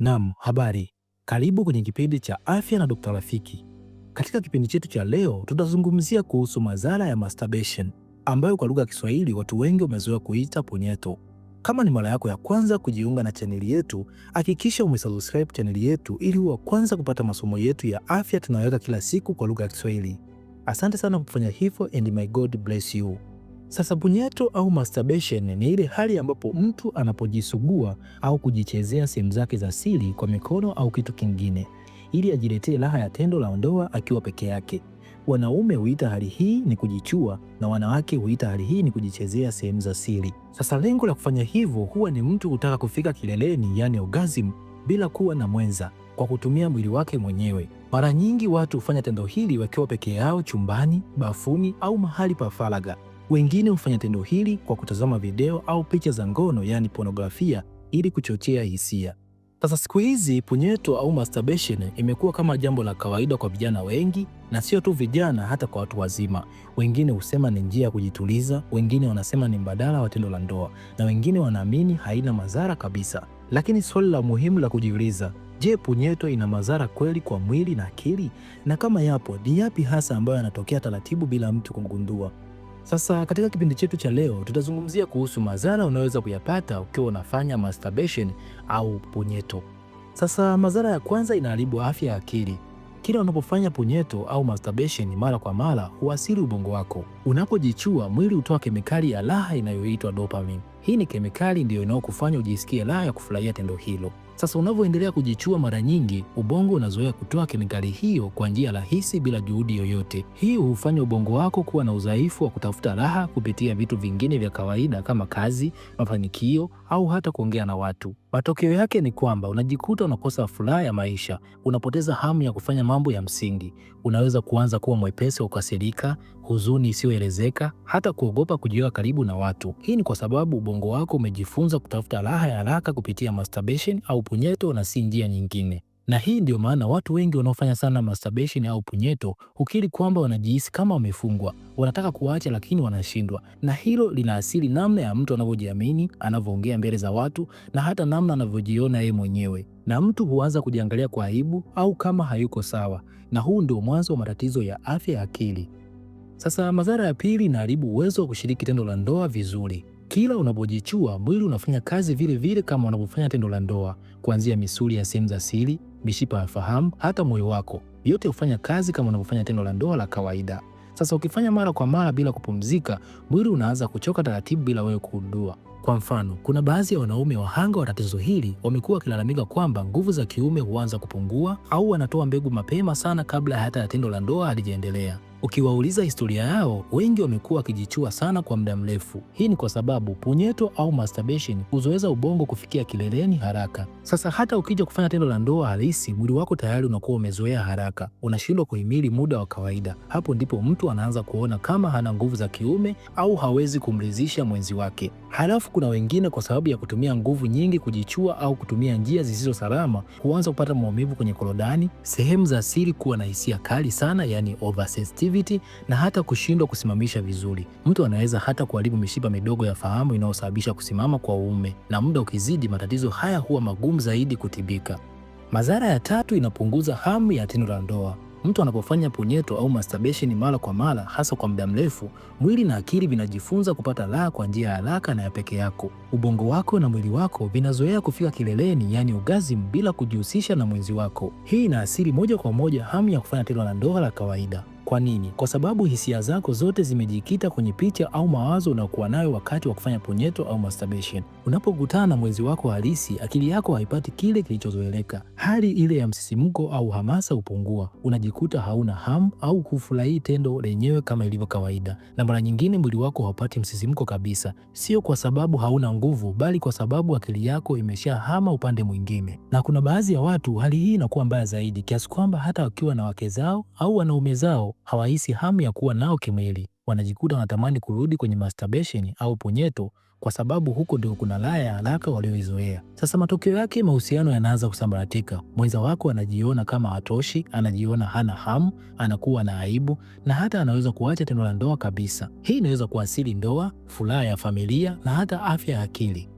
Naam, habari. Karibu kwenye kipindi cha Afya na Dokta Rafiki. Katika kipindi chetu cha leo, tutazungumzia kuhusu madhara ya masturbation, ambayo kwa lugha ya Kiswahili watu wengi wamezoea kuita punyeto. Kama ni mara yako ya kwanza kujiunga na chaneli yetu, hakikisha umesubscribe chaneli yetu ili uwe wa kwanza kupata masomo yetu ya afya tunayoweka kila siku kwa lugha ya Kiswahili. Asante sana kwa kufanya hivyo and my God bless you. Sasa punyeto au masturbation ni ile hali ambapo mtu anapojisugua au kujichezea sehemu zake za siri kwa mikono au kitu kingine ili ajiletee raha ya tendo la ndoa akiwa peke yake. Wanaume huita hali hii ni kujichua na wanawake huita hali hii ni kujichezea sehemu za siri. Sasa lengo la kufanya hivyo huwa ni mtu hutaka kufika kileleni, yani orgasm, bila kuwa na mwenza kwa kutumia mwili wake mwenyewe. Mara nyingi watu hufanya tendo hili wakiwa peke yao chumbani, bafuni au mahali pa faragha. Wengine hufanya tendo hili kwa kutazama video au picha za ngono, yaani pornografia, ili kuchochea hisia. Sasa siku hizi punyeto au masturbation imekuwa kama jambo la kawaida kwa vijana wengi, na sio tu vijana, hata kwa watu wazima. Wengine husema ni njia ya kujituliza, wengine wanasema ni mbadala wa tendo la ndoa, na wengine wanaamini haina madhara kabisa. Lakini swali la muhimu la kujiuliza, je, punyeto ina madhara kweli kwa mwili na akili? Na kama yapo, ni yapi hasa ambayo yanatokea taratibu bila mtu kugundua? Sasa katika kipindi chetu cha leo tutazungumzia kuhusu madhara unaweza kuyapata ukiwa unafanya masturbation au punyeto. Sasa madhara ya kwanza, inaharibu afya ya akili. Kila unapofanya punyeto au masturbation mara kwa mara huasiri ubongo wako. Unapojichua, mwili hutoa kemikali ya raha inayoitwa dopamine. Hii ni kemikali ndiyo inayokufanya ujisikie raha ya kufurahia tendo hilo. Sasa unavyoendelea kujichua, mara nyingi ubongo unazoea kutoa kemikali hiyo kwa njia rahisi bila juhudi yoyote. Hii hufanya ubongo wako kuwa na udhaifu wa kutafuta raha kupitia vitu vingine vya kawaida kama kazi, mafanikio au hata kuongea na watu. Matokeo yake ni kwamba unajikuta unakosa furaha ya maisha, unapoteza hamu ya kufanya mambo ya msingi. Unaweza kuanza kuwa mwepesi wa kukasirika, huzuni isiyoelezeka, hata kuogopa kujiweka karibu na watu. Hii ni kwa sababu ubongo wako umejifunza kutafuta raha ya haraka kupitia masturbation au punyeto na si njia nyingine. Na hii ndio maana watu wengi wanaofanya sana masturbation au punyeto hukiri kwamba wanajihisi kama wamefungwa, wanataka kuwaacha lakini wanashindwa, na hilo linaathiri namna ya mtu anavyojiamini, anavyoongea mbele za watu na hata namna anavyojiona yeye mwenyewe, na mtu huanza kujiangalia kwa aibu au kama hayuko sawa, na huu ndio mwanzo wa matatizo ya afya ya akili. Sasa madhara ya pili, inaharibu uwezo wa kushiriki tendo la ndoa vizuri. Kila unapojichua mwili unafanya kazi vile vile kama unavyofanya tendo la ndoa, kuanzia misuli ya sehemu za siri, mishipa ya fahamu, hata moyo wako, yote hufanya kazi kama unavyofanya tendo la ndoa la kawaida. Sasa ukifanya mara kwa mara bila kupumzika, mwili unaanza kuchoka taratibu bila wewe kugundua. Kwa mfano, kuna baadhi ya wanaume wahanga wa tatizo hili wamekuwa wakilalamika kwamba nguvu za kiume huanza kupungua au wanatoa mbegu mapema sana kabla hata ya tendo la ndoa halijaendelea. Ukiwauliza historia yao, wengi wamekuwa wakijichua sana kwa muda mrefu. Hii ni kwa sababu punyeto au masturbation huzoeza ubongo kufikia kileleni haraka. Sasa hata ukija kufanya tendo la ndoa halisi, mwili wako tayari unakuwa umezoea haraka, unashindwa kuhimili muda wa kawaida. Hapo ndipo mtu anaanza kuona kama hana nguvu za kiume au hawezi kumridhisha mwenzi wake. Halafu huku na wengine kwa sababu ya kutumia nguvu nyingi kujichua au kutumia njia zisizo salama huanza kupata maumivu kwenye korodani, sehemu za siri kuwa na hisia kali sana, yani oversensitivity, na hata kushindwa kusimamisha vizuri. Mtu anaweza hata kuharibu mishipa midogo ya fahamu inayosababisha kusimama kwa uume, na muda ukizidi, matatizo haya huwa magumu zaidi kutibika. Madhara ya tatu, inapunguza hamu ya tendo la ndoa. Mtu anapofanya punyeto au masturbation mara kwa mara, hasa kwa muda mrefu, mwili na akili vinajifunza kupata raha kwa njia ya haraka na ya peke yako. Ubongo wako na mwili wako vinazoea kufika kileleni, yaani orgasm, bila kujihusisha na mwenzi wako. Hii inaathiri moja kwa moja hamu ya kufanya tendo la ndoa la kawaida. Kwa nini? Kwa sababu hisia zako zote zimejikita kwenye picha au mawazo unaokuwa nayo wakati wa kufanya punyeto au masturbation. Unapokutana na mwenzi wako halisi, akili yako haipati kile kilichozoeleka. Hali ile ya msisimko au hamasa hupungua, unajikuta hauna hamu au hufurahii tendo lenyewe kama ilivyo kawaida, na mara nyingine mwili wako haupati msisimko kabisa, sio kwa sababu hauna nguvu, bali kwa sababu akili yako imeshahama upande mwingine. Na kuna baadhi ya watu hali hii inakuwa mbaya zaidi, kiasi kwamba hata wakiwa na wake zao au wanaume zao hawahisi hamu ya kuwa nao kimwili, wanajikuta wanatamani kurudi kwenye masturbation au punyeto kwa sababu huko ndio kuna laya ya haraka walioizoea. Sasa matokeo yake, mahusiano yanaanza kusambaratika. Mwenza wako anajiona kama hatoshi, anajiona hana hamu, anakuwa na aibu na hata anaweza kuacha tendo la ndoa kabisa. Hii inaweza kuathiri ndoa, furaha ya familia na hata afya ya akili.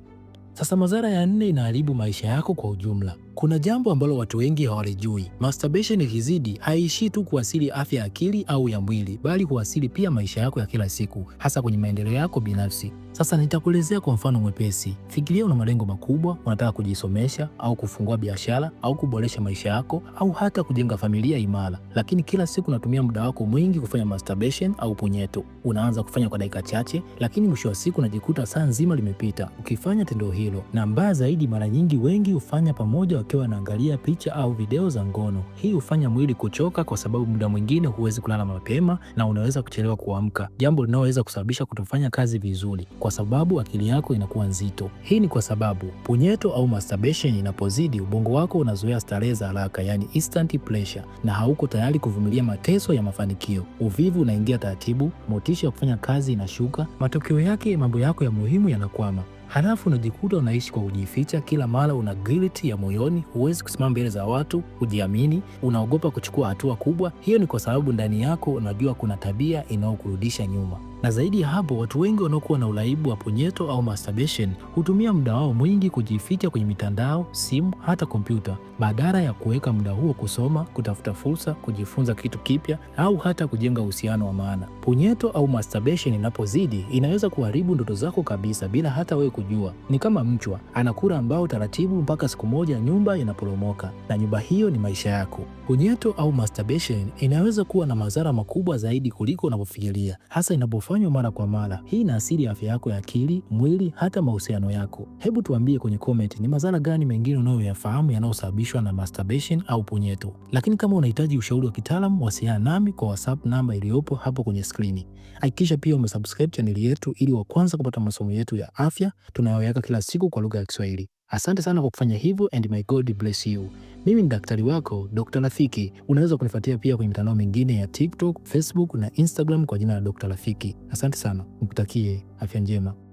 Sasa madhara ya nne, inaharibu maisha yako kwa ujumla. Kuna jambo ambalo watu wengi hawalijui. Masturbation ikizidi haiishii tu kuasili afya ya akili au ya mwili, bali huasili pia maisha yako ya kila siku, hasa kwenye maendeleo yako binafsi. Sasa nitakuelezea kwa mfano mwepesi. Fikiria una malengo makubwa, unataka kujisomesha au kufungua biashara au kuboresha maisha yako au hata kujenga familia imara, lakini kila siku unatumia muda wako mwingi kufanya masturbation au punyeto. Unaanza kufanya kwa dakika chache, lakini mwisho wa siku unajikuta saa nzima limepita ukifanya tendo hilo, na mbaya zaidi, mara nyingi wengi hufanya pamoja wakiwa wanaangalia picha au video za ngono. Hii hufanya mwili kuchoka, kwa sababu muda mwingine huwezi kulala mapema na unaweza kuchelewa kuamka, jambo linaloweza kusababisha kutofanya kazi vizuri kwa kwa sababu akili yako inakuwa nzito. Hii ni kwa sababu punyeto au masturbation inapozidi, ubongo wako unazoea starehe za haraka, yani instant pleasure, na hauko tayari kuvumilia mateso ya mafanikio. Uvivu unaingia taratibu, motisha ya kufanya kazi inashuka. Matokeo yake mambo yako ya muhimu yanakwama. Halafu unajikuta unaishi kwa kujificha, kila mara una guilt ya moyoni, huwezi kusimama mbele za watu, hujiamini, unaogopa kuchukua hatua kubwa. Hiyo ni kwa sababu ndani yako unajua kuna tabia inayokurudisha nyuma. Na zaidi ya hapo, watu wengi wanaokuwa na uraibu wa punyeto au masturbation hutumia muda wao mwingi kujificha kwenye mitandao, simu, hata kompyuta badala ya kuweka muda huo kusoma, kutafuta fursa, kujifunza kitu kipya au hata kujenga uhusiano wa maana. Punyeto au masturbation inapozidi, inaweza kuharibu ndoto zako kabisa bila hata wewe kujua. Ni kama mchwa anakula ambao taratibu, mpaka siku moja nyumba inaporomoka, na nyumba hiyo ni maisha yako. Unyeto au masturbation inaweza kuwa na madhara makubwa zaidi kuliko unavyofikiria, hasa inapofanywa mara kwa mara. Hii ina asili ya afya yako ya akili, mwili, hata mahusiano yako. Hebu tuambie kwenye comment ni madhara gani mengine unayoyafahamu yanayosababishwa na masturbation au punyeto. Lakini kama unahitaji ushauri wa kitaalamu, wasiliana nami kwa WhatsApp namba iliyopo hapo kwenye skrini. Hakikisha pia umesubscribe chaneli yetu ili wa kwanza kupata masomo yetu ya afya tunayoweka kila siku kwa lugha ya Kiswahili. Asante sana kwa kufanya hivyo and may God bless you. Mimi ni daktari wako Dr. Rafiki. Unaweza kunifuatia pia kwenye mitandao mingine ya TikTok, Facebook na Instagram kwa jina la Dr. Rafiki. Asante sana, nikutakie afya njema.